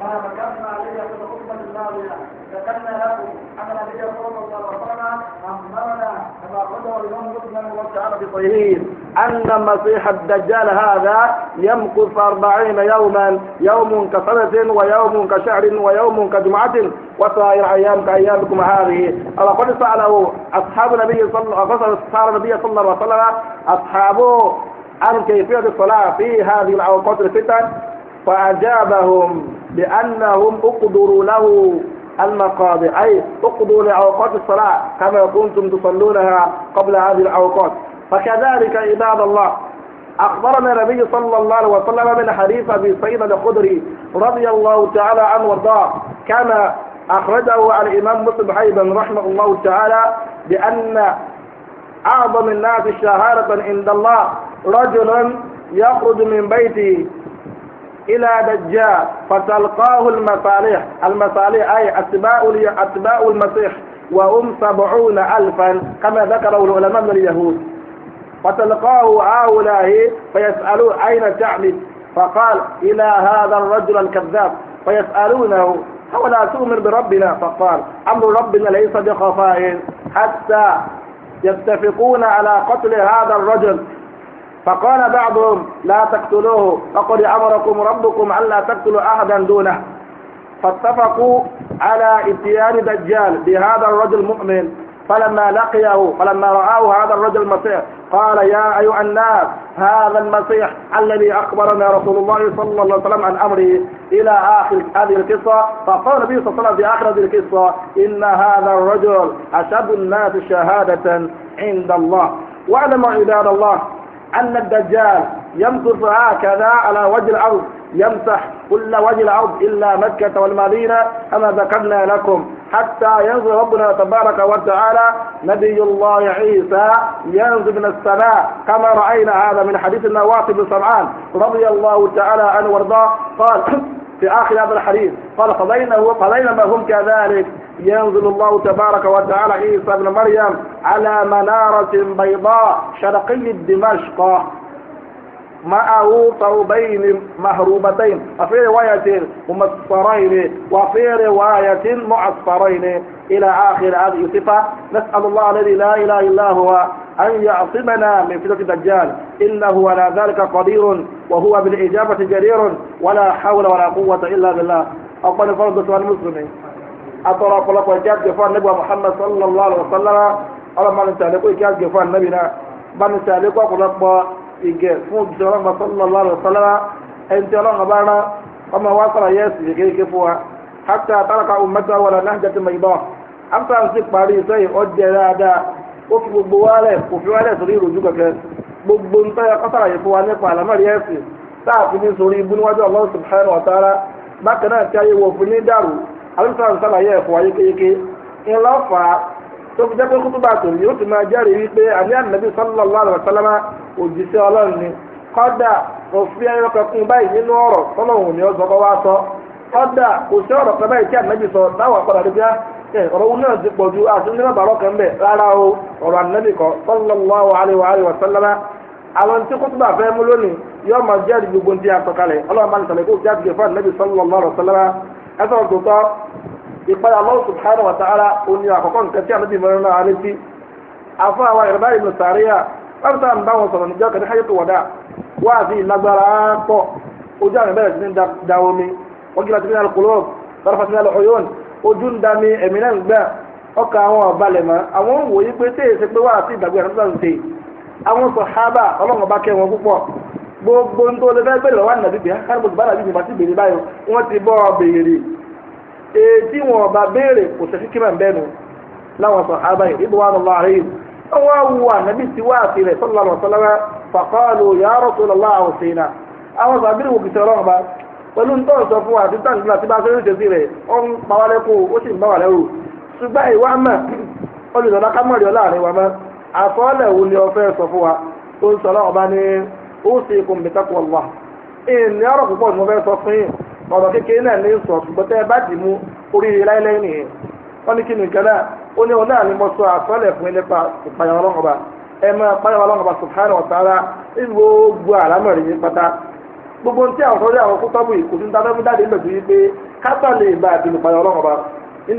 ما ذكرنا به في الخطبة الماضية ذكرنا لكم أن النبي صلى الله عليه وسلم أمرنا كما قدر الإمام مسلم وابتعد بصحيح أن المسيح الدجال هذا يمكث أربعين يوما يوم كسنة ويوم كشهر ويوم كجمعة وسائر أيام كأيامكم هذه لقد سأله أصحاب النبي صلى الله النبي صلى الله عليه وسلم أصحابه عن كيفية الصلاة في هذه الأوقات الفتن فأجابهم بأنهم أقدروا له المقاضي أي اقضوا لأوقات الصلاة كما كنتم تصلونها قبل هذه الأوقات فكذلك عباد الله أخبرنا النبي صلى الله عليه وسلم من حديث أبي سعيد الخدري رضي الله تعالى عنه وارضاه كما أخرجه الإمام مسلم أيضا رحمه الله تعالى بأن أعظم الناس شهادة عند الله رجل يخرج من بيته إلى دجال فتلقاه المصالح المصالح أي أتباع أتباع المسيح وهم سبعون ألفا كما ذكره العلماء من اليهود فتلقاه هؤلاء فيسألون أين تعمل فقال إلى هذا الرجل الكذاب فيسألونه لا تؤمن بربنا فقال أمر ربنا ليس بخفاء حتى يتفقون على قتل هذا الرجل فقال بعضهم لا تقتلوه فقد أمركم ربكم ألا تقتلوا أحدا دونه فاتفقوا على اتيان دجال بهذا الرجل المؤمن فلما لقيه فلما رآه هذا الرجل المسيح قال يا أيها الناس هذا المسيح الذي أخبرنا رسول الله صلى الله عليه وسلم عن أمره إلى آخر هذه القصة فقال النبي صلى الله عليه وسلم في آخر هذه القصة إن هذا الرجل أشد الناس شهادة عند الله واعلموا عباد الله أن الدجال يمسح هكذا على وجه الأرض يمسح كل وجه الأرض إلا مكة والمدينة كما ذكرنا لكم حتى ينزل ربنا تبارك وتعالى نبي الله عيسى ينزل من السماء كما رأينا هذا من حديث النواصب بن سمعان رضي الله تعالى عنه وارضاه قال في آخر هذا الحديث قال فبينما هم كذلك ينزل الله تبارك وتعالى عيسى ابن مريم على منارة بيضاء شرقي دمشق معه ثوبين مهروبتين وفي رواية ممسطرين وفي رواية معصفرين إلى آخر هذه الصفة نسأل الله الذي لا إله إلا هو أن يعصمنا من فتنة الدجال إنه على ذلك قدير وهو بالإجابة جدير ولا حول ولا قوة إلا بالله أقول فرض سؤال المسلمين أترى قلق وإجاب جفاء النبي محمد صلى الله عليه وسلم أولا ما نسألكم إجاب جفاء النبي ما نسألكم قلق ìgẹ̀ fún òjijì ọlọ́run sallallahu alaihi wasallam ẹni tí ọlọ́run bá rán ọmọ wa sọ̀rọ̀ yẹ́ ẹ̀sìn kékeré fún wa hatta taraka ummata wala nahjatan bayda after am sì parí sẹ́yìn ọjẹ́ dáadáa ó fi gbogbo wálẹ̀ kò fi wálẹ̀ sórí ìròjú kẹ̀kẹ́ gbogbo ntọ́yà kọ́sàlàyé fún wa nípa àlámọ̀rí ẹ̀sìn táàfin ní sórí ibú níwájú Allah subhanahu wa ta'ala bákan náà tí ayé wọ̀ fún ní dàrú àlùfáà ń sàlàyé ẹ̀fọ́ ayékéyéké ńlọ́fà tó fi jẹ́ pé kútúbà tó ní ó ti máa jẹ́rìí wípé àní ànábì sallallahu alaihi wasallam òjíṣẹ́ ọlọ́run ni kọ́dà òfin ẹyọ kankan báyìí nínú ọ̀rọ̀ tọ́lọ́hùn ni ó sọ kọ́ wá sọ kọ́dà kò sí ọ̀rọ̀ kan báyìí tí ànábì sọ táwọn padà dé bí ọ̀rọ̀ wọn náà ti pọ̀ ju àti nínú bàrọ̀ kan bẹ̀ rárá o ọ̀rọ̀ ànábì kọ́ sallallahu alaihi wasallam àwọn ìpadà Allah subhanahu wa ta'ala òní àkọ́kọ́ nǹkan tí ànábì mọ́rin náà ní sí afọ àwọn ìrọ̀bá ibn Sariya wọ́n sáà ń bá wọn sọ̀rọ̀ níjọ́ kẹ́tẹ́ hajj tó wọ̀dà wá àti ìlágbára pọ̀ ojú àwọn ìbẹ̀rẹ̀ sí ní da omi wọ́n kí lọ́ọ́ ti fi ní al-qulub tọ́lọ́fà sí al-uyun ojú ń da mi ẹ̀mí náà ń gbà ọkà àwọn ọ̀balẹ̀ mọ́ àwọn ń wòye pé tẹ́yẹ̀ ṣe pé wá àti ìgbàgbé àtúntà ń ṣe àwọn sàhábà ọlọ́run ọba kẹ́ wọn púpọ̀ gbogbo ń tó lè èdè wọn ọba béèrè kò sẹ́sí kí màá bẹ́ẹ̀ láwọn sọ abayé ibi wà lọ́wọ́ àrẹ yìí ọwọ́ awu ànábì ti wá àti rẹ̀ sọ́lá lọ́wọ́ sọ́lá fàkọ́ọ̀lù yàrá sọ́lá láwọn sẹ́yìnà àwọn sọ ọlọ́run ba pẹ̀lú ń fún wa àti bá a sẹ́yìn ṣèṣì rẹ̀ ọ ń pa wá lẹ́kọ̀ọ́ ó sì ń bá ṣùgbọ́n ìwà olùdọ̀lá wa ọ̀rọ̀ kékeré náà ní sọ ṣùgbọ́n tẹ́ ẹ bá dì mú oríire láéláé nìyẹn wọ́n ní kí ni nǹkan náà ó ní òun náà ni mo sọ àsọ́lẹ̀ fún nípa ìpayà ọlọ́run ẹ máa páyà ọlọ́run ọba subhanahu ní gbogbo àlámọ̀ rẹ̀ yín gbogbo ní tí àwọn sọ́jà àwọn kútọ́bù yìí kò dáná yìí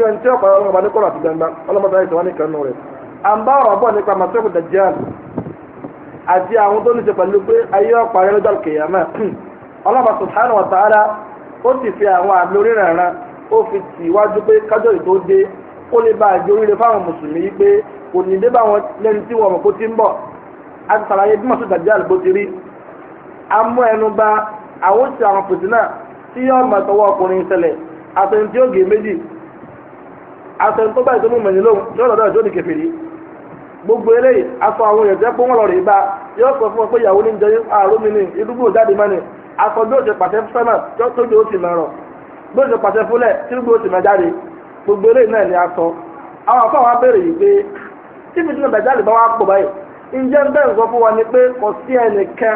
pé lè nínú ó sì fi àwọn àmì oríranran ó fi tì iwájú pé kájọ́ yìí tó dé kó lè bá àjẹ oríire fáwọn mùsùlùmí yìí pé kò ní dé bá wọn lẹ́nu tí wọn mọ̀ kó ti ń bọ̀ a ti sàlàyé bí màsúù dàjẹ́ àlùbó ti rí a mú ẹnu bà àwọn òsì àwọn fìtínà tí yóò mọ̀ tọwọ́ ọkùnrin ṣẹlẹ̀ àtẹni tí ó gé méjì àtẹni tó báyìí tó mú mẹ̀yìn lóhùn yóò lọ́dọ̀ ìjọ́ kẹfìrí gbogbo eléyìí aṣọ àwọn èèyàn jẹ́ pé wọ́n lọ rèé bá yóò sọ fún ọ pé ìyàwó ní jẹyìn àrùn mi ní irúgbó jáde mọ́ni akọ bí ó ṣe pàṣẹ sẹ́mà tójú ó sì máa rọ̀ bí ó ṣe pàṣẹ fúnlẹ̀ tí gbogbo ó sì máa jáde gbogbo eléyìí náà ni a sọ àwọn afọ àwọn abẹ́rẹ́ yìí pé tí fìtínà dàjálì bá wà pọ̀ báyìí ǹjẹ́ ń bẹ́ẹ̀ sọ fún wa ni pé kò sí ẹnìkan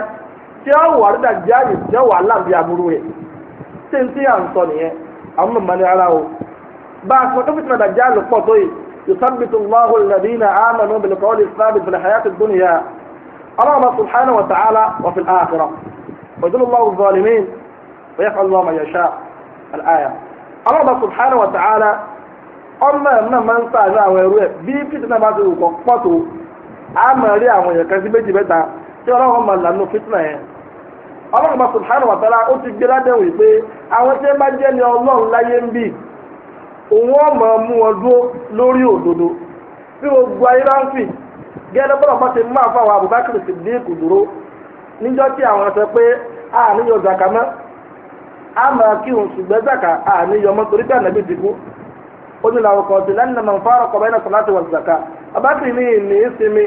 tí ó wà rí dàjálì tí ó wà láàbí aburú rẹ̀ tí n tí à ń sọ nìyẹn àwọn mọ̀mọ́ ni ara o bá a sọ pé fìtínà dàjálì pọ̀ tó yìí yusabbitu ويذل الله الظالمين ويفعل الله ما يشاء الآية الله سبحانه وتعالى ọmọ ẹ̀mọ́ máa ń sáàánú àwọn ẹrú ẹ̀ bí fìtínà bá ti wù kọ́ pọ̀ a máa rí àwọn èèyàn kan sí méjì na tí ọlọ́run máa lànà fìtínà yẹn ọlọ́run bá subhanahu wa ta'ala ó ti gbé ládẹ́wò yìí pé àwọn tí bá jẹ́ ọlọ́run láyé ń bì òun máa mú wọn dúró lórí òdodo bí gbogbo níjọ́ tí àwọn sọ pé a níyọ zaka mọ́ a máa kí òun ṣùgbọ́n zaka a níyọ mọ́ torí bẹ́ẹ̀ nàbí ti kú ó ní làwọn kan ti lẹ́nu mọ̀ fárọ̀ kọ̀ bẹ́ẹ̀ sọ̀láṣí wọ̀ zaka abákì ní ìní sinmi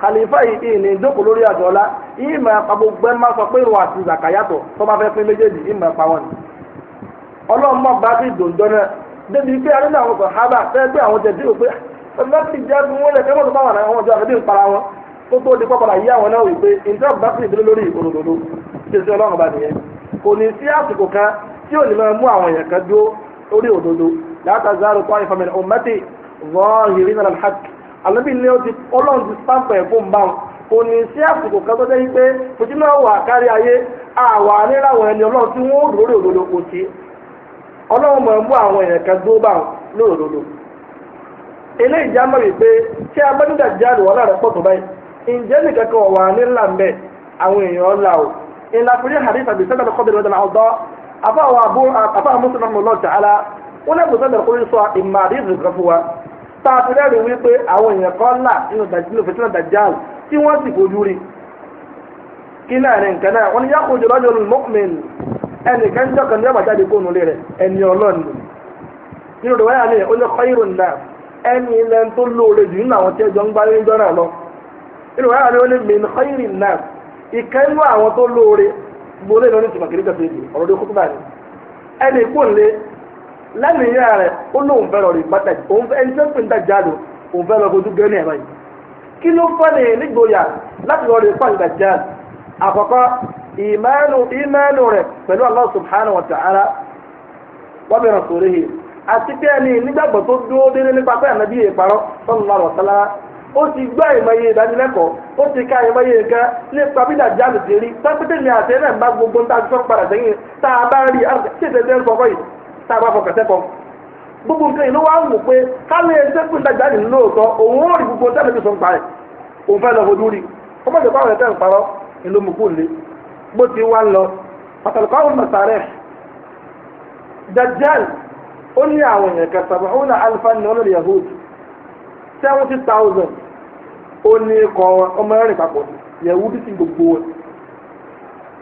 kàlífà yìí ní ìjókòó lórí àjọlá yìí máa pa gbogbo ẹ̀ máa sọ pé ìrò àti zaka yàtọ̀ tó bá fẹ́ pín méjèèjì yìí máa pa wọn. bá ti dòjọ́ kó tó di pọ́pọ́lá yí àwọn náà wípé ìjọba bá sì dúró lórí òdòdó ṣe sí ọlọ́run bá nìyẹn kò ní sí àsìkò kan tí ò ní máa mú àwọn èèyàn kan dúró lórí òdòdó látàzárò kọ́ ìfọ̀mẹ̀lẹ̀ ọ̀mẹ́tì zọ́ọ̀hìrì náà àlọ́bí ni ó ti ọlọ́run ti fún bá wọn kò ní sí àsìkò kan tó jẹ́ fojú náà wà kárí ayé níláwọ̀ ẹni ọlọ́run tí wọ́n dúró lórí kò ǹjẹ́ nìkan kan wà ní ńlá ń bẹ̀ àwọn èèyàn là o ìlà fúri hadith àbí sẹ́dá lọ́kọ́ bẹ̀rẹ̀ lọ́dọ̀ àwùjọ àfáwọn àbú àfáwọn mùsùlùmí ọmọ lọ́ọ̀tà ala wọn lè gbọ́dọ̀ lọ́kọ́ yìí sọ ìmọ̀ àdéhùn nìkan fún wa tá a fi rẹ́ẹ̀rì wípé àwọn èèyàn kan là nínú dàjílò fìtínà dàjáàlù tí wọ́n sì fojú rí kí láàrin nǹkan náà wọ́n ní yàkó jùlọ jọ mọ́kùnmẹ́ni ẹnìkan jọ kan ní ọmọ jáde kó nulẹ̀ rẹ̀ ẹni ọlọ́ọ̀ni nínú ìwáyà ni ó ní kọ́ ìròyìn náà ẹni ilẹ̀ tó lóore jù nínú àwọn tí ẹjọ́ ń gbáyé ń jọ́ náà lọ nínú wàhálà wọn ni min khayri nas ìkẹ́ àwọn tó lóore gbólé lórí ìtumọ̀ kiri kẹsì èdè ọ̀rọ̀ dé kútùbà ni ẹnì kò lẹ́nu ìyá rẹ̀ ó lóun fẹ́ lọ rí pátá òun fẹ́ ẹni tó ń pè ń jáde òun fẹ́ lọ ni nígboyà láti lọ rí jáde àkọ́kọ́ ìmánu rẹ̀ pẹ̀lú wa ta'ala ó ti gbọ́ ìmọ̀ye ìdánilẹ́kọ̀ọ́ ó ti ká ìmọ̀ye nǹkan nípa bí dàjà lè ti rí tọ́pẹ́tẹ́ ni àti ẹ̀rẹ́ ń gbogbo a bá rí fọkọ yìí a bá fọkàn sẹ́kọ̀. gbogbo nǹkan yìí ló wá ń pé ká lè fún dàjà lè lóòótọ́ òun ó rí gbogbo tẹ́lẹ̀ tó sọ ń pa òun fẹ́ lọ fojú rí ó mọ̀jọ̀ seventy thousand ó ní ikọ̀ ọmọ ẹ̀rìn papọ̀ yẹ̀wù bí gbogbo wọn.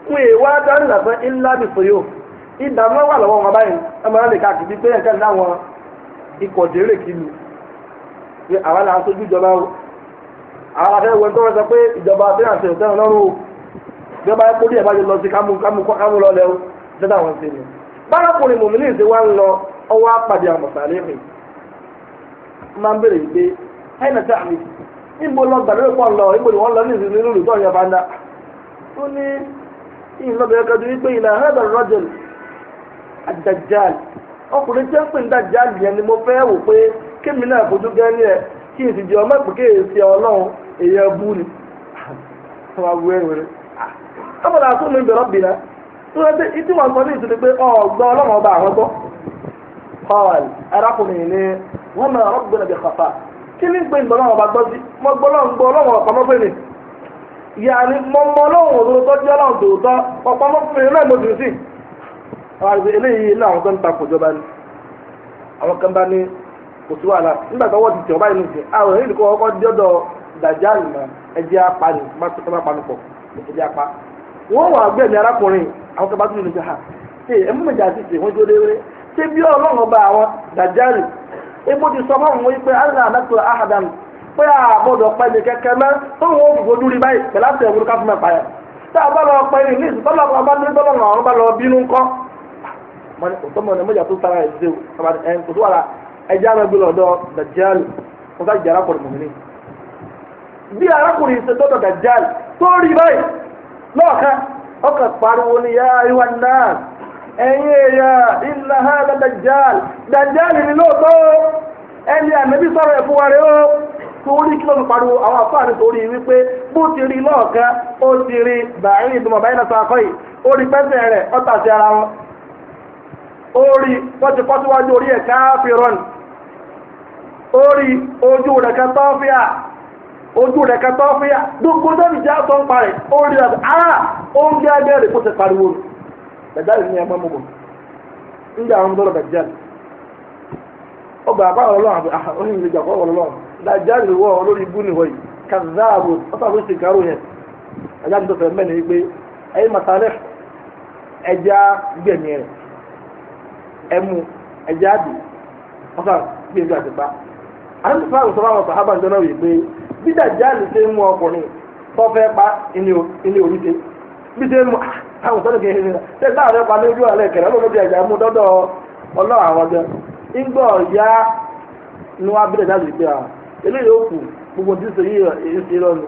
wọn èèwọ̀ adarí làfẹ́ ńlá bí ọmọ ya káàkiri pé ẹ̀ka ní ikọ̀ dérè kìlù pé àwa là ń sojú ìjọba o àwa tó sọ pé ìjọba àti ìjọba ọlọ́run o ìjọba díẹ̀ bá yẹ lọ sí kámú kámú kámú o ìjọba ẹnà tí a mi níbo lọ gbàdúrà pọ̀ lọ níbo ni lọ ní ìsinmi lórí tó ń yọ fanda ó ní ìlọ́bẹ̀rẹ̀ kan tó ìlà hẹ́bẹ̀ rọ́jẹ̀l àdàjàl ọkùnrin tí ń pè ní dàjàl yẹn ni mo fẹ́ wò pé kémi náà fojú gẹ́ ní ẹ kí n sì jẹ ọmọ ìpè kéèsì ọlọ́run èèyàn bú ni ọmọ abúlé wẹrẹ ọmọ náà mi bẹ̀rọ̀ bìnà tó yẹ pé wọn ọgbọ ọlọ́run ọba kí ní gbé ọba gbọ́ sí mo gbọ́ lọ́wọ́ gbọ́ lọ́wọ́ ọ̀pá mọ́ mo mọ lọ́wọ́ òdòdó jẹ́ tòótọ́ náà mo dùn sí. ni àwọn kan bá ní kò sí wàhálà nígbà tó wọ́n ti tẹ̀ ọ́ báyìí nìyẹn àwọn èyí ha ẹ̀ mi jà sí wọ́n jó léwé ṣé bí ọlọ́run ọba àwọn ibo ti sọ fún òun pé alẹ́ àdàtò àhàdàm pé àbọ̀dọ̀ pẹ́ ní kẹ́kẹ́ mẹ́ tó ń wọ́n fòfò dúrí báyìí pẹ̀lú àti ẹ̀wúrú ká fún ẹ̀páyà tá a bá lọ pẹ́ ní nísì tọ́lọ̀ kan bá dúró tọ́lọ̀ kan bá lọ bínú ńkọ́ tọ́mọ ní mọ́jà tó sára ẹ̀ ṣe o kò tó wà lá ẹja mẹ́gbẹ́ lọ́dọ̀ bí arákùnrin ṣe dọ́dọ̀ dàjáàlì tó rí báyìí lọ́ọ̀kan ọkàn pariwo ni yá ayé wa náà ẹ̀yin inna hada dajjal dajjal ni lóòótọ́ ẹni ànábì sọ̀rọ̀ ẹ̀fọ́ wa rẹ̀ ó ki kí ló awon pariwo àwọn tori torí wípé bó ti rí lọ́ọ̀kan ó ti rí bàárín ìdùnmọ̀ báyìí náà sọ akọ́ yìí ó ara wọn ó rí wọ́n ti kọ́ síwájú orí ẹ̀ káfíràn ó rí ojú rẹ̀ kan tọ́fíà ojú rẹ̀ kan tọ́fíà gbogbo ń oúnjẹ abẹ́rẹ́ kó ti dajjal ní ẹmọ mọ̀mọ́ níbi àwọn ọmọdé dajjal ó gbà bá ọlọ́run àbí ọ̀hún ìlú ìjà kọ́ ọlọ́run dajjal wọ olórí ibú nìwọ̀ yìí kazaabu ọ̀tọ̀ àbúrò sì kárò yẹn dajjal tó fẹ́ mẹ́rin wípé ẹ̀yin pa ha sọ́dọ̀ kìí ṣe ṣe láàrin ọ̀pá lójú ọ̀lẹ́ kẹ̀rẹ́ ló lójú ẹ̀jẹ̀ mú dọ́dọ̀ ọlọ́run àwọn ọjọ́ ńgbọ́ ya ni wọ́n abílẹ̀ jáde pé àwọn eléyìí ó kù gbogbo tí ń sọ yìí èyí ṣe lọ́nu.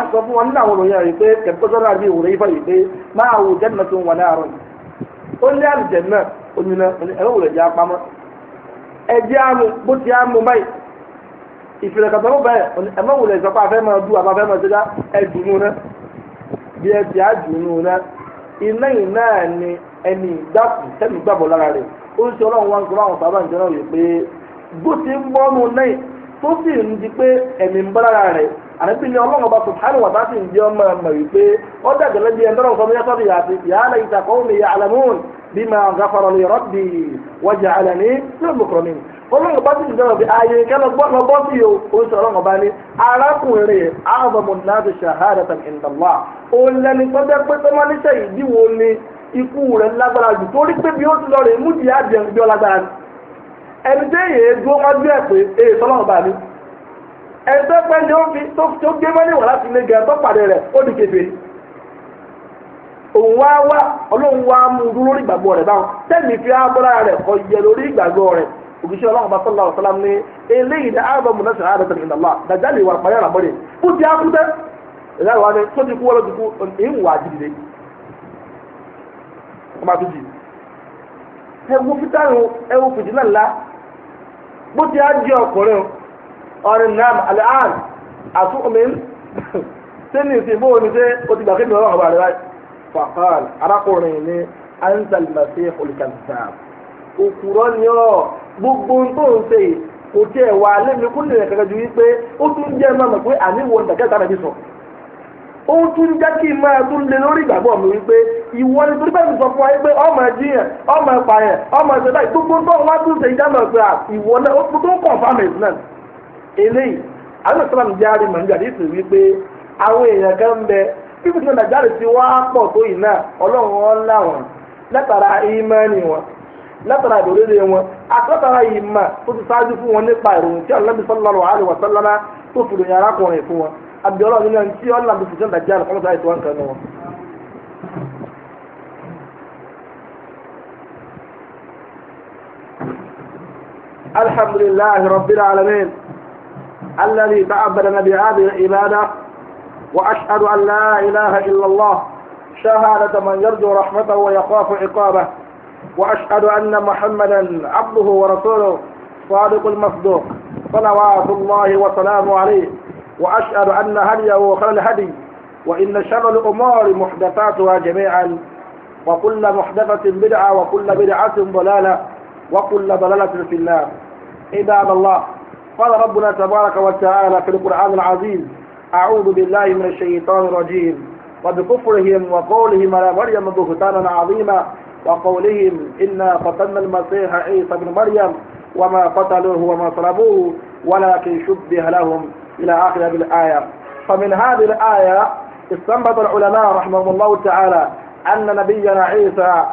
a sọ fún wọn nínú àwọn òròyìn pé kẹ̀kọ́ àbí ìwòrán yìí fàyè pé máa wò wà ni. ó ní àlùjẹ náà náà ẹ̀rọ apamọ́ ẹ̀jẹ̀ bó ti bí ẹ ti àjùnú náà iná yìí náà ni ẹni ìgbàkùn tẹ́mi gbàbọ̀ lára rẹ̀ ó ń ṣe ọlọ́run wá ń sọ láwọn bàbá ìjọ náà rè pé bó ti ń bọ́nu náà tó sì ń di pé ẹ̀mí ń bọ́ lára rẹ̀ àdébí ni ọlọ́run ọba subhanahu wa ta'ala ń jẹ́ ọmọ ọmọ yìí pé ó dàgbẹ́ lẹ́bi ẹni tọ́lọ́ sọ mẹ́sọ́ ti yàtí ìtàkọ́ mi ya'lamun bima ghafara li rabbi wa ja'alani min olóyìn bá ti dìde ọ̀gbìn ààyè kẹlẹ gbọ́dọ̀ bọ́ sí o ó sọ ọlọ́run ọba ní arákùnrin rẹ̀ àwọn náà ṣàhádà tàbí ó tó jẹ́ pé níṣẹ́ ìdíwọ́ ni ikú rẹ̀ lágbára jù torí pé bí ó ti lọ rẹ̀ mú lágbára ni ẹni tó yẹ dúró wọn bí ẹ pé èyí sọlọ́run ọba ní ẹni tó pẹ́ ni ó gbé ilé òkìṣẹ́ ọlọ́run bá sọ́lá ọ̀sọ́lá ní eléyìí ní ààbọ̀ mùnà sí ààrẹ tẹ̀lé ìlàlá dàjálì ìwà àpáyà làbọ̀rẹ̀ kú ti akútẹ́ ìlà ìwà ni tó ti kú wọ́n ló ti kú èyí wà á jìdìde ọmọ àtújì ẹwọ fitaru ẹwọ fìdílà ńlá bó ti á jẹ ọkùnrin ọrin nam alẹ́hàn àti omin sẹ́ni ìsìn bó omi ṣe o ti gbà kí ni ọlọ́run bá rẹ̀ láì fàkàl arákùnrin ní òkúrọ́ ni ọ́ gbogbo tó ń ṣe kò tiẹ̀ wà lẹ́nu kó lè rẹ̀ ju wípé ó tún jẹ́ máa mọ̀ pé àníwò sọ ó tún jẹ́ kí n máa tún lé lórí ìgbàgbọ́ mi wípé ìwọ ni torí bẹ́ẹ̀ sọ fún wa wípé ọmọ ọmọ ọmọ gbogbo tó wá tún ṣe ìjà máa pé ìwọ náà ó tún tó kàn náà eléyìí àwọn látara ìdòlédè wọn àtọ́tara yìí mà tó ti ṣáájú fún wọn nípa ìròyìn tí Ànábì sallallahu alaihi wa sallama tó fìdí yàrá kọ̀ kùnrin fún wọn abiola nínú ẹni tí ọ̀là tó fìdí dàjà lọ́kọ́ sáà ètò àǹkan wọn. alhamdulillahi rabbil alamin alladhi ta'abbadana bi hadhihi al-ibadah وأشهد أن لا إله إلا الله شهادة من يرجو رحمته ويخاف عقابه وأشهد أن محمدا عبده ورسوله صادق المصدوق صلوات الله وسلامه عليه وأشهد أن هديه خير الهدي وإن شر الأمور محدثاتها جميعا وكل محدثة بدعة وكل بدعة ضلالة وكل ضلالة في النار عباد الله قال ربنا تبارك وتعالى في القرآن العظيم أعوذ بالله من الشيطان الرجيم وبكفرهم وقولهم على مريم بهتانا عظيما وقولهم إنا قتلنا المسيح عيسى بن مريم وما قتلوه وما صلبوه ولكن شبه لهم إلى آخر هذه الآية فمن هذه الآية استنبط العلماء رحمهم الله تعالى أن نبينا عيسى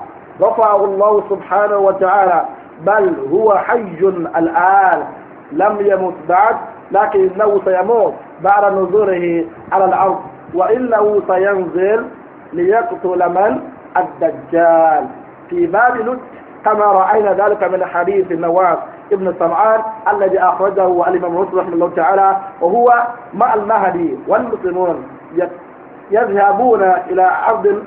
رفعه الله سبحانه وتعالى بل هو حي الآن لم يمت بعد لكنه سيموت بعد نزوله على الأرض وإنه سينزل ليقتل من الدجال في باب لد كما رأينا ذلك من حديث النواب ابن سمعان الذي أخرجه الإمام مسلم رحمه الله تعالى وهو مع المهدي والمسلمون يذهبون إلى عبد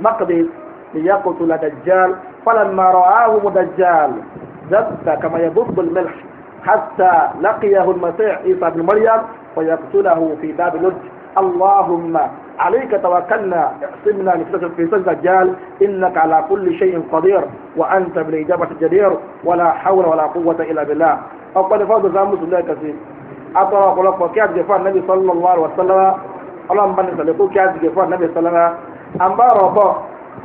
المقدس ليقتل دجال فلما رآه دجال زبت كما يذب الملح حتى لقيه المسيح عيسى بن مريم ويقتله في باب لد اللهم عليك توكلنا اعصمنا في سجن الدجال إنك على كل شيء قدير وأنت بالإجابة الجدير ولا حول ولا قوة إلا بالله أقول فوضى زامس الله كثير أطلع قلق وكيات جفاء النبي صلى الله عليه وسلم اللهم بني سلقوا كيات جفاء النبي صلى الله عليه وسلم أما ربا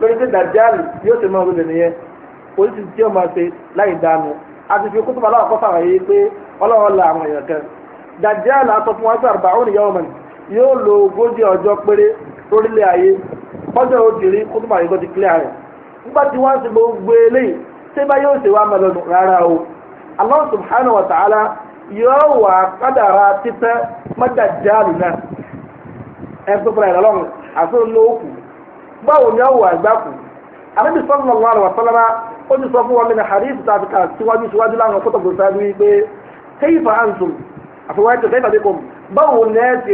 لقد الدجال يوسف ما هو لنيه oríṣi tí ó máa ṣe láì dánu àti fi kútùbà láwọn kọ́sà wáyé pé ọlọ́run la àwọn èèyàn kan yóò lo ogójì ọjọ́ péré lórílẹ̀ ayé kọjọ́ obìnrin kó tó máa yọkọ́ ti rẹ̀ nígbà tí wọ́n ti gbogbo eléyìí ṣé bá yóò ṣe wá rárá o Allah subhanahu wa ta'ala yóò wà kádàrà títẹ́ mọ́jà jáàlù náà ẹ tó fúnra ẹ̀ lọ́rùn àti olóòkù báwo ni ó wà àbẹ́bí wa ó ti sọ fún wọn nínú síwájú síwájú láwọn kótó gbèsè wípé kéyìfà kéyìfà kò báwo ni ẹ ti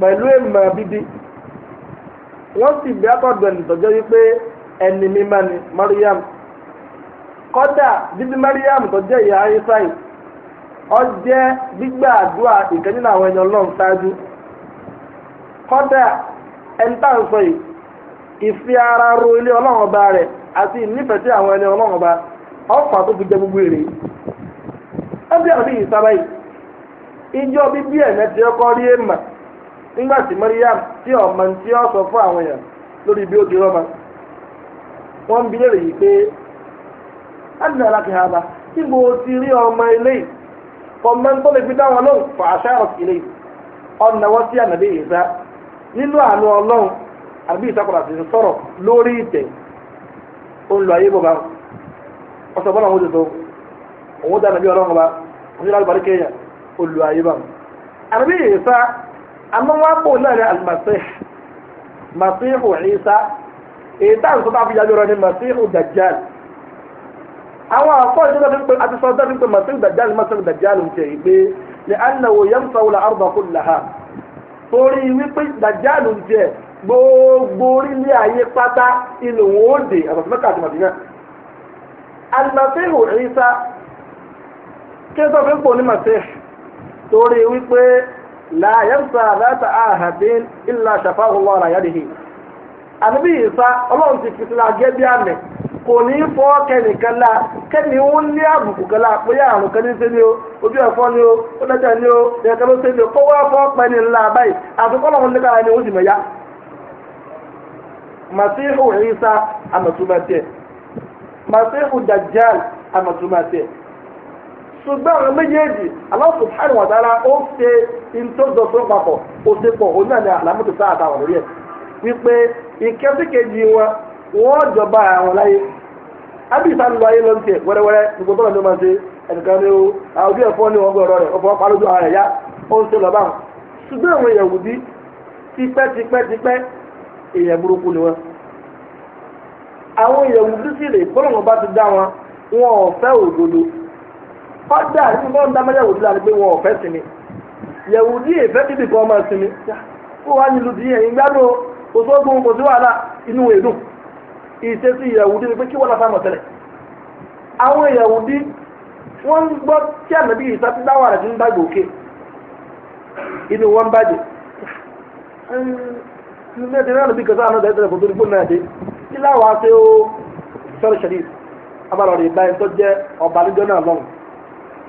pẹ̀lú ìmọ̀ bíbí wọ́n sì bí akọ̀dọ̀ ìtọ́jọ́ wípé ẹni mímọ́ ni Mariam kọ́dà bíbí Mariam tó jẹ́ ìyá ayéfáì ọ jẹ́ gbígbà àdúrà náà àwọn èèyàn Ọlọ́run ṣáájú kọ́dà ẹni tá à ń sọ yìí ìfi ara ro ilé Ọlọ́run ọba rẹ̀ àti ìnífẹ̀ẹ́ sí àwọn ẹni Ọlọ́run ọba ọ̀fà tó fi jẹ gbogbo èrè nígbà tí Mariam tí ọmọ tí ó sọ fún àwọn èèyàn lórí bí ó ti rọmọ wọn ń bi yìí pé ádùnnà alákìá tí mo ti rí ọmọ eléyìí ọmọ tó lè fi dáwọn lóhùn fà àṣàrò ilé ọ̀nà wọ́n sí ànàbí ìsá nínú àánú ọlọ́run àbí ìsakùnrin àti sọ̀rọ̀ lórí ìtẹ̀ ó ń lọ ayé bọ̀bá bọ́lá òun tuntun òun dá ànàbí ọlọ́run òun yóò àmọ́ wọ́n á pò lẹ́rẹ̀ al-Masih Masihu Isa èyí táwọn sọ́tà fi yájọ́ rẹ ni Masihu Dajjal àwọn àkọ́ ìjọba fi ń pè àti sọ́tà fi ń pè Masihu Dajjal Masihu Dajjal ń tẹ̀ pé ní annahu yamsahu al-arda kullaha torí wípé Dajjal ń tẹ̀ gbogbo orílẹ̀ ayé pátá ilẹ̀ wọn ó dé àbàtì Mẹ́kà àti al-Masihu Isa kí n sọ fi ń pò ní Masihu torí wípé la yansa láta ahadin illa shafahu Allah ala yadihi àdúgbò ìsá ọlọ́run ti fi sílá gẹ́gẹ́ bí àmì kò ní fọ́ kẹ́nìkan la kẹ́ni ó ní àbùkù kan la bóyá àrùn kan ní sí ni o ojú ẹ̀fọ́ ni o ó dájà ni o ìyẹ̀kẹ́ ló sí ni ṣùgbọ́n àwọn méjèèjì Allah subhanahu wa ta'ala ó ṣe ìtọ́jọsọ papọ̀ ó ṣe pọ̀ òun náà ni àlámùtò sáà àtàwọn lórí ẹ̀ wípé ìkẹ́síkejì wọn wọ́n jọba àwọn láyé ábísà ń lọ ayé lọ́n tiẹ̀ wẹ́rẹ́wẹ́rẹ́ gbogbo tọ́lá ló máa ṣe ẹnìkan ní o àwọn òbí ẹ̀fọ́ ni wọ́n gbọ́ ọ̀rọ̀ rẹ̀ ọ̀fọ̀ palójú ara ẹ̀yá ó ń ṣe lọ́ba wọn ṣùgbọ́n àwọn èèyàn wùdí tipẹ́ tipẹ́ tipẹ́ èèyàn burúkú ni wọn. àwọn èèyàn wùdí sì rè bọ́lọ̀ wọn bá ti dá wọn wọn ò fẹ́ òdodo kọ́dà nínú bọ́ọ̀ dámẹ́yàwó dúró àti pé wọn ò fẹ́ sinmi yẹ̀wò díẹ̀ fẹ́ bíbí kan máa sinmi kó wá nílùú di ẹ̀yìn gbádùn kò sóògùn kò sí wàhálà inú èdò ìṣesí yẹ̀wò díẹ̀ pé kí wọ́n lọ́ta mọ̀ tẹ́lẹ̀ àwọn yẹ̀wò dí wọ́n ń gbọ́ tí ànábì ìsá ti dáwà rẹ̀ ti ń dàgbò òkè inú wọn bàjẹ́ nínú ẹ̀dẹ̀ náà lóbi kẹsàn-án náà tẹ̀lé tẹ̀lé tó náà dé kí láwọn á ó sọ́rọ̀ ṣẹ̀dí abàlọ́ rẹ̀ báyìí tó jẹ́ ọ̀bàlújọ́ náà lọ́rùn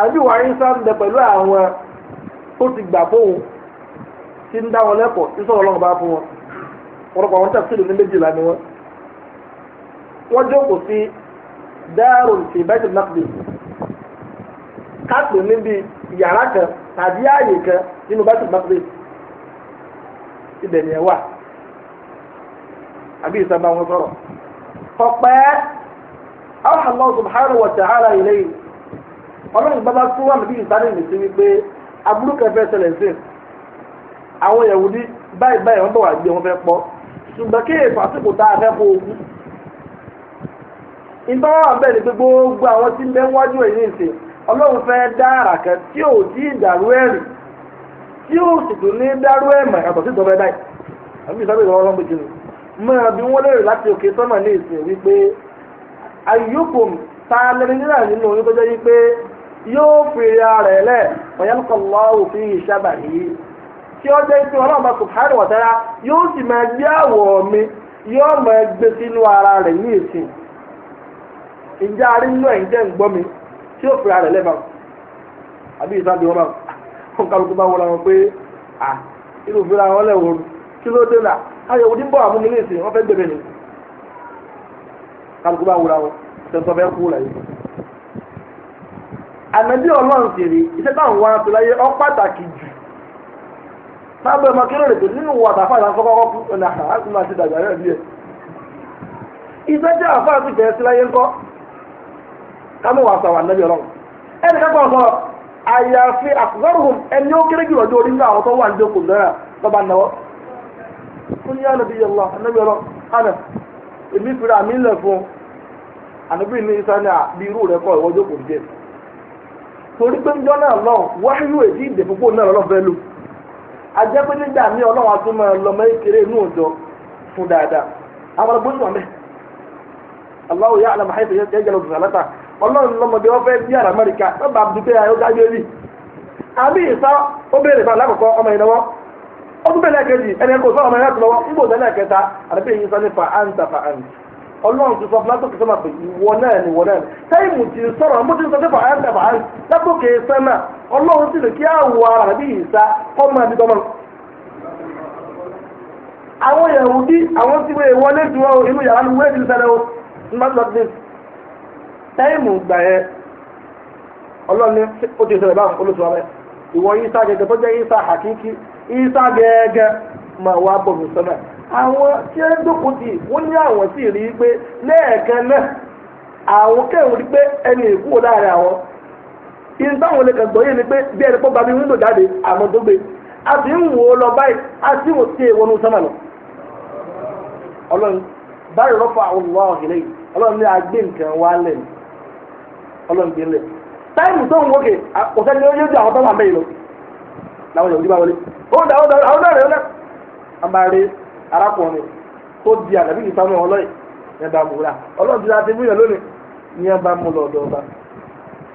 àdúrà ìsá ń bẹ pẹ̀lú àwọn tó ti gbà fóun tí ń dá wọn lẹ́kọ̀ọ́ tí sọ̀rọ̀ ọlọ́run bá fún wọn ọ̀rọ̀pọ̀ àwọn tẹ̀sílù ní méjìlá ni wọn. wọ́n jókòó sí dáàrò sí bẹ́ẹ̀tì náàbì káàpì níbi yàrá kan tàbí ààyè kan nínú bẹ́ẹ̀tì náàbì ibẹ̀ ni ẹ wà àbí ìsàmbá ọlọ́run bàbá tó wà níbi ìsáré nìsí wípé aburú kẹfẹ́ ṣẹlẹ̀ sí àwọn Yahudi báyìí báyìí wọ́n bọ̀ wá gbé wọn fẹ́ pọ̀ ṣùgbọ́n kí èèfà sí kò tá a fẹ́ kó o kú. ìgbà wà bẹ́ẹ̀ ni pé gbogbo àwọn tí ń bẹ wájú ẹ̀ ní ìsìn ọlọ́run fẹ́ dá àrà kan tí ò tí ì dàrú ẹ̀rì tí ò sì tún ní dàrú ẹ̀mọ̀ yàtọ̀ sí ìjọba ẹ̀dá yìí àbí ìsọ́bẹ̀ ìrọ̀rọ̀ ọlọ́run bèjì yóò fi ya rẹ̀ lẹ̀ ọ̀yẹ́nkọ̀ lọ́wọ́ fi ìṣàbà yìí tí ó jẹ́ pé ọlọ́run subhanahu wa ta'ala yóò sì máa gbé àwọ̀ mi yóò máa gbé sínú ara re ní ìsìn ìjà rí inú ẹ̀ ń jẹ́ ń gbọ́ mi tí ó fi ara rẹ̀ lẹ́bàá àbí ìsáàbí wọn bá wọn kálukú bá wọlé wọn pé à irú wọn kí ló dé là ayọ̀ bọ̀ àmúmi ní fẹ́ ànábì ọlọ́run sì rí iṣẹ́ táwọn wá aṣọ láyé ọ́ pàtàkì jù máa bẹ ọmọ kéré rètò nínú wọ àtàfà ìlànà kọ́kọ́ kú ọ̀nà àti máa ṣe dàgbà náà díẹ̀ iṣẹ́ tí àfáà sì bẹ̀rẹ̀ sí láyé ńkọ́ kámú wàá sọ̀rọ̀ ànábì ọlọ́run ẹnì kẹ́kọ̀ọ́ sọ àyàfi àkùsọ́rùhùn ẹni ó kéré jùlọ ńlá àwọn tó wà okùn náà lọ́ba náwọ́ fún yá irú ìwọ́jọ́ kò torí pé njọ́ náà lọ wáyú èdè ìdèpòpò náà lọ́lọ́ fẹ́ lò ajẹ́ pé nígbà míì ọlọ́run àti ọmọ ọlọmọ kékeré inú òjò fún dáadáa àwọn ọgbọ́n àlàmà sàlátà ọlọ́run fẹ́ bí rí àbí ìsá ó béèrè fún ọmọ ìnáwó ó tún bẹ̀rẹ̀ ẹni ẹ̀kọ́ ọlọ́run ti sọ fún látòkè sọ́mà pé ìwọ náà ni ìwọ náà ni táìmù ti sọ̀rọ̀ àmọ́ ti sọ pé fàáyà ń dàbà á látòkè sẹ́nà ọlọ́run sì lè kí àwọ̀ ara rẹ̀ bí ìsá kọ́ máa di tọ́mọ. àwọn yẹ̀wù bí àwọn inú yàrá ni wọ́n ti o táìmù gbà yẹn ọlọ́run ó ti báwọn olóṣù ìwọ jẹ́ àwọn tí ó ń dúkùú tì wọ́n ní àwọn sì rí i pé lẹ́ẹ̀kan náà àwọn kẹ́hìn rí pé ẹni ìkúwò láàrin àwọn ìyẹn táwọn olè kàgbọ́ yìí ni pé bí ẹni pọ́ bá mi jáde àmọ́ tó gbé a sì ń wò ó lọ báyìí a sì wò sí sọ́mà lọ. ọlọ́run báyìí rọ́pò àwọn olùwà ọ̀hìnlẹ̀ ní agbé nǹkan wá lẹ̀ ní arákùnrin tó di àdàbí ìsámú ọlọ́yìn ní ẹ̀bá múra ọlọ́run ti láti mú yàn lónìí ní ẹ̀bá mú lọ ọ̀dọ̀ ọba.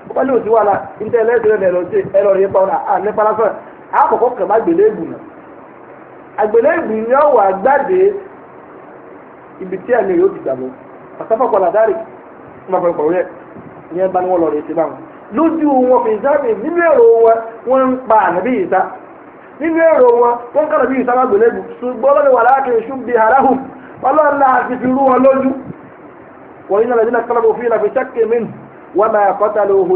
ó bá ní òsì wàhálà níta ẹlẹ́sìn rẹ̀ lọ sí ẹ̀rọ rẹ̀ pa ọ̀nà àní parasọ̀ àkọ́kọ́ kàn má gbélébù nà àgbélébù ni ó wà ibi tí yóò ti gbà mọ́ làdárì ní wọ́n nínú èrò wọn wọn kàlọ bí ìsáwá gbèlébù ṣùgbọ́n lọ́dọ̀ wà láàkì ìṣúbi àráhù ọlọ́run náà fi rú wọn lójú wọ́n fi ṣẹ́kì mí wọ́n máa kọ́ta ló hu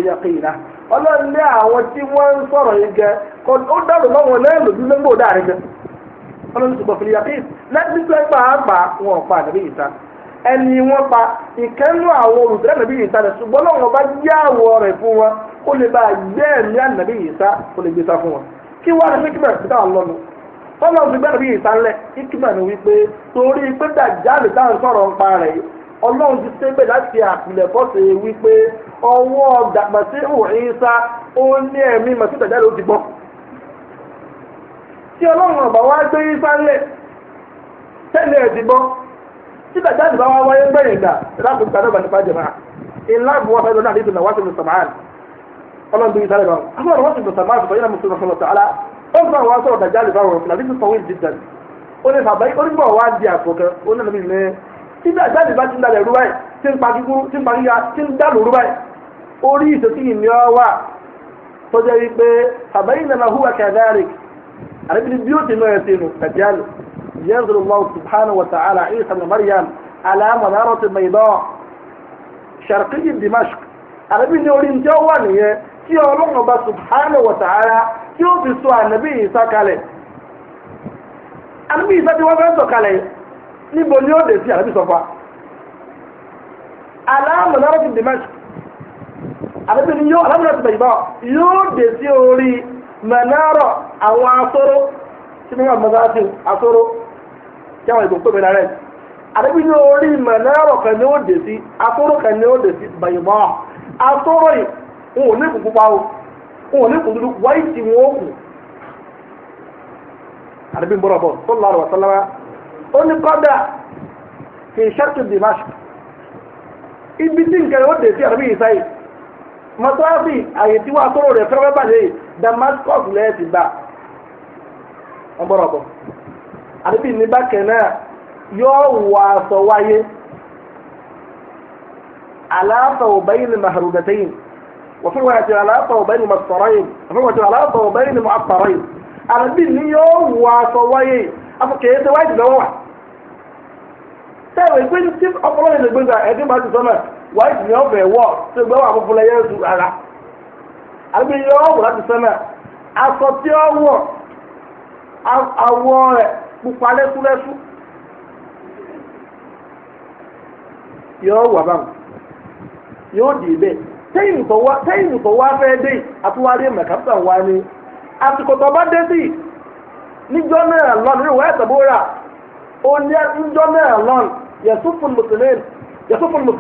àwọn tí wọ́n ń sọ̀rọ̀ yìí gẹ ó gẹ fi yàkì lẹ́gbẹ̀ẹ́ pàápàá wọn ò pa àdàbí ìta ẹni wọn pa ìkẹ́nu àwọn olùdarí ànàbí yìí sáré ṣùgbọ́n lọ́wọ́ bá yá àwọ̀ rẹ̀ fún wọn kó lè bá lè gbé sá fún kí wàá ní kíkìmọ̀ ìpínlẹ̀ wà lọ́nu tọ́lọ́ ti gbẹ́rù bí ni wípé torí pé dàjáde táwọn sọ̀rọ̀ ń pa rẹ̀ yìí ọlọ́run ti ṣe pé láti àpilẹ̀ bọ́sẹ̀ wípé ọwọ́ dàgbàsí òhìnsá ó ní ẹ̀mí dàjáde ó ti gbọ́ tí ọlọ́run ọ̀bà wá gbé tẹ́lẹ̀ ẹ̀ ti gbọ́ tí dàjáde bá wá wáyé gbẹ̀yìn láti bàtí ọlọ́run bíi sáré báwọn àwọn ọ̀rọ̀ wọn ti dọ̀tà márùn tọ́jú náà mùsùlùmí ọ̀sán ọ̀tọ̀ alá ó ń bá wọn sọ̀rọ̀ dàjà lè báwọn fìlà bíi sọ̀wé ìdí dàn ó lè fà báyìí onígbà wa di àpò kan ó nà mí mẹ́ẹ́ tí dàjà lè bá ti ń dalẹ̀ rú báyìí tí ń pa kíkú tí ń pa kíkà tí ń dàlù rú báyìí orí ìsòtí yìí ni ọ wà tó jẹ́ wípé àbáyé nana huwa kadhalik àdébìlì bí ó ti mọ̀ ẹ̀sìn nù dàjà lè yanzuru Allah subhanahu wa ta'ala Isa ibn Maryam ala manarati bayda sharqiyyi Dimashq àdébìlì orí ń jẹ́ wà nìyẹn tí ọlọ́run ọba subhanahu wa tí ó fi so ànábì Ìsá kalẹ̀ ànábì Ìsá tí wọ́n fẹ́ sọ kalẹ̀ níbo ni ó dé sí ànábì sọ́fà aláàmúlárò ti Dimash ànábì ni yóò aláàmúlárò ti bẹ̀yìnbọ̀ yóò dé sí orí mẹ́nárọ̀ àwọn asóró tí wọ́n máa mọ́tà sí asóró tí àwọn ìgbòho pèmí lára ẹ̀ ànábì ni orí mẹ́nárọ̀ kan ni ó dé sí o kan ni ó dé sí bẹ̀yìnbọ̀ wọn ò lékùn pupa o wọn ò lékùn dúdú wáyé tí wọn kù. àdébí ń bọ̀rọ̀ bọ̀ ibi tí nǹkan yóò dé sí àdébí yìí sáyé mọ́tòrásì àyè tí wọ́n atọ́rọ̀ rẹ̀ fẹ́rẹ́ bàjẹ́ Damascus lẹ́yìn ti gbà ń bọ̀rọ̀ bọ̀ àdébí ní bákẹ́ náà yóò wáyé وفي رواية على أطر بين مسطرين وفي رواية على بين معطرين وصوي أفكي سواي لو tẹ́wọ̀ ìgbé tí ọpọlọ́ yẹn lè gbé gba ẹ̀dín bá ti sẹ́yìn tó wá atụwari fẹ́ dé àtúwárí mẹ̀kánsà wá ní àsìkò tó bá dé sí níjọ́ náà nínú ìwé ó ní níjọ́ náà mùsùlùmí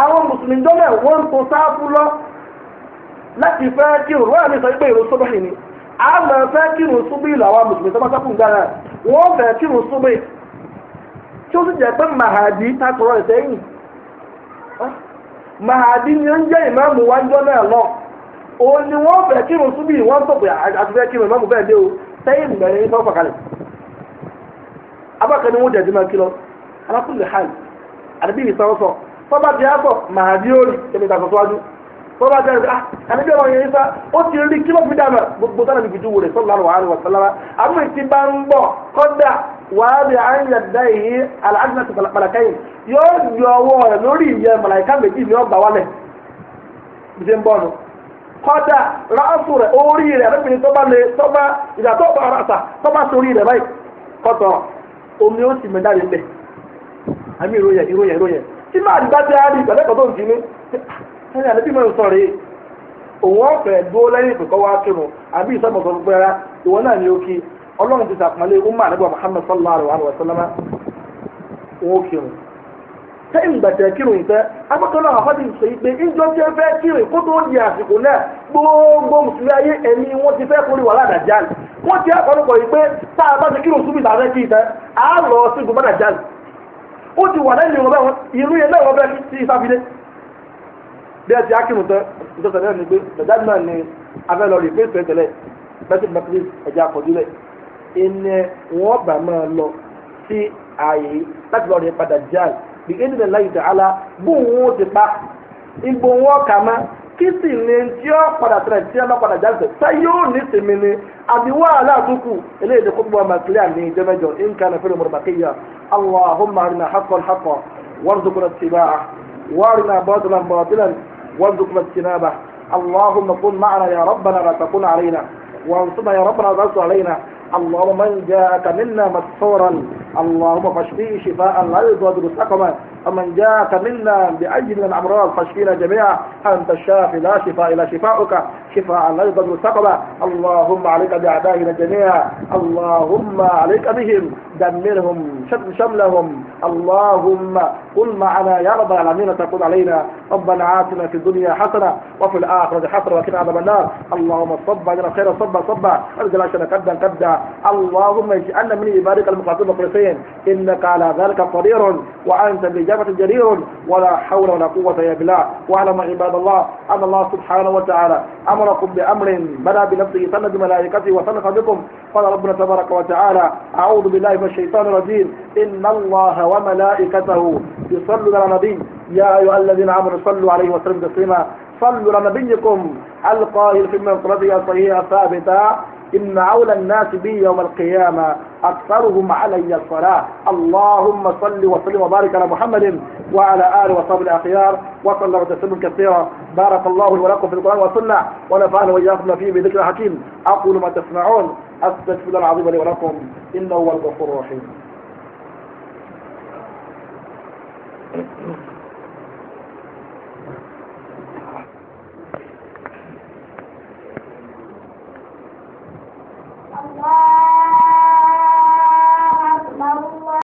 àwọn mùsùlùmí níjọ́ náà wọ́n lọ láti fẹ́ kí ìrù wà ní sọ pé ìrù ni a máa fẹ́ kí ìrù sóbì làwọn mùsùlùmí gbára wọ́n fẹ́ kí ìrù tí ó sì mahadi ni ó ń jẹ́ ìmáàmù wájọ́ náà lọ òun ni wọ́n fẹ́ kírun súbì wọ́n tó àtúfẹ́ kírun ìmáàmù bẹ́ẹ̀ dé o sẹ́yìn ìgbẹ̀rẹ̀ ní fọ́nfà kalẹ̀ abákan ni wọ́n lọ alákùnrin hàn àdébí ìsọ sọ fọ́nfà ti á sọ ó rí kẹmí ìta sọ́sọ́wájú fọ́nfà ti ah, ọmọ yẹn sá ó ti rí dáná gbogbo sára ní wàhábì àyẹ̀dá yìí aláàdínà ti màlàkàyìn yóò di ọwọ́ rẹ̀ lórí ìyẹn màlàkà méjì ní ọgbà wálẹ̀ ṣe ń bọ̀nù kọ́dà ráàfù rẹ̀ orí rẹ̀ arábìnrin tó bá lè tó bá ìdá tó bá ràṣà tó bá sórí rẹ̀ báyìí kọ́tọ̀ omi ó sì mẹ́ dáre lẹ̀ àmì ìròyìn ìròyìn ìròyìn tí máa dìgbà tí a rí ìgbàlẹ́kọ̀ọ́ ọlọ́run ti sàpọ̀nlé umma àdébọ̀ muhammed sallallahu alayhi wa sallam wọn ò kírun ìgbà kírun yìí tẹ́ sọ pé ìjọ gbogbo mùsùlùmí ayé ẹ̀mí wọn ti fẹ́ kórè wàhálà wọ́n ti yìí pé tá a bá ti kírun súnmí ìtàfẹ́ kí lọ sí gbogbo ó ti wà lẹ́yìn ìrọ̀bẹ́ wọn ìlú yẹn náà wọ́n bẹ́ẹ̀ ti ti ni pé náà ni ẹnẹ wọn bá máa lọ sí ààyè láti lọ rẹ padà jáì bí ẹni bẹ̀rẹ̀ láyé tààlà bóun ó ti pa ìgbò wọn kà má kí sì ni tí ó padà tẹ̀lé tí ó bá padà jáde tá yóò ní sinmi ni àbí wàhálà àtúkù eléyìí tó kókó ọmọ àkìlẹ̀ àmì ìjẹ́mẹ́jọ nǹkan náà fẹ́rẹ̀ mọ̀rọ̀ bàkẹ́yà allahumma arina haqqan haqqan warzuqna ittiba'a warina batilan batilan warzuqna ijtinaba allahumma kun ma'ana ya rabbana la takun alayna wa ansubna ya rabbana la tasal اللهم من جاءك منا مسحورا اللهم فاشفيه شفاء لا يغادر سقما ومن جاءك منا بأجل الأمراض فاشفينا جميعا أنت الشافي لا شفاء إلا شفاؤك شفاء لا يضر سقما اللهم عليك بأعدائنا جميعا اللهم عليك بهم دمرهم شد شملهم اللهم قل معنا يا رب العالمين تقول علينا ربنا عافنا في الدنيا حسنة وفي الآخرة حسنة وقنا عذاب النار اللهم صب علينا خيرا صب صب أرجل عشان كبدا كبدا اللهم اجعلنا من عبادك المخلصين المخلصين إنك على ذلك قدير وأنت بجد إجابة جرير ولا حول ولا قوة إلا بالله واعلم عباد الله أن الله سبحانه وتعالى أمركم بأمر بلى بنفسه صلى بملائكته وسنة بكم قال ربنا تبارك وتعالى أعوذ بالله من الشيطان الرجيم إن الله وملائكته يصلوا على نبي يا أيها الذين آمنوا صلوا عليه وسلم تسليما صلوا على نبيكم القائل في من صلاته الصحيحة الثابتة إن أولى الناس بي يوم القيامة أكثرهم علي الصلاة اللهم صل وسلم وبارك على محمد وعلى آله وصحبه الأخيار وصلى وسلم كثيرا بارك الله لي ولكم في القرآن والسنة ونفعنا وإياكم فيه بذكر حكيم أقول ما تسمعون أستغفر الله العظيم لي ولكم إنه هو الغفور الرحيم Thank you. الله أكبر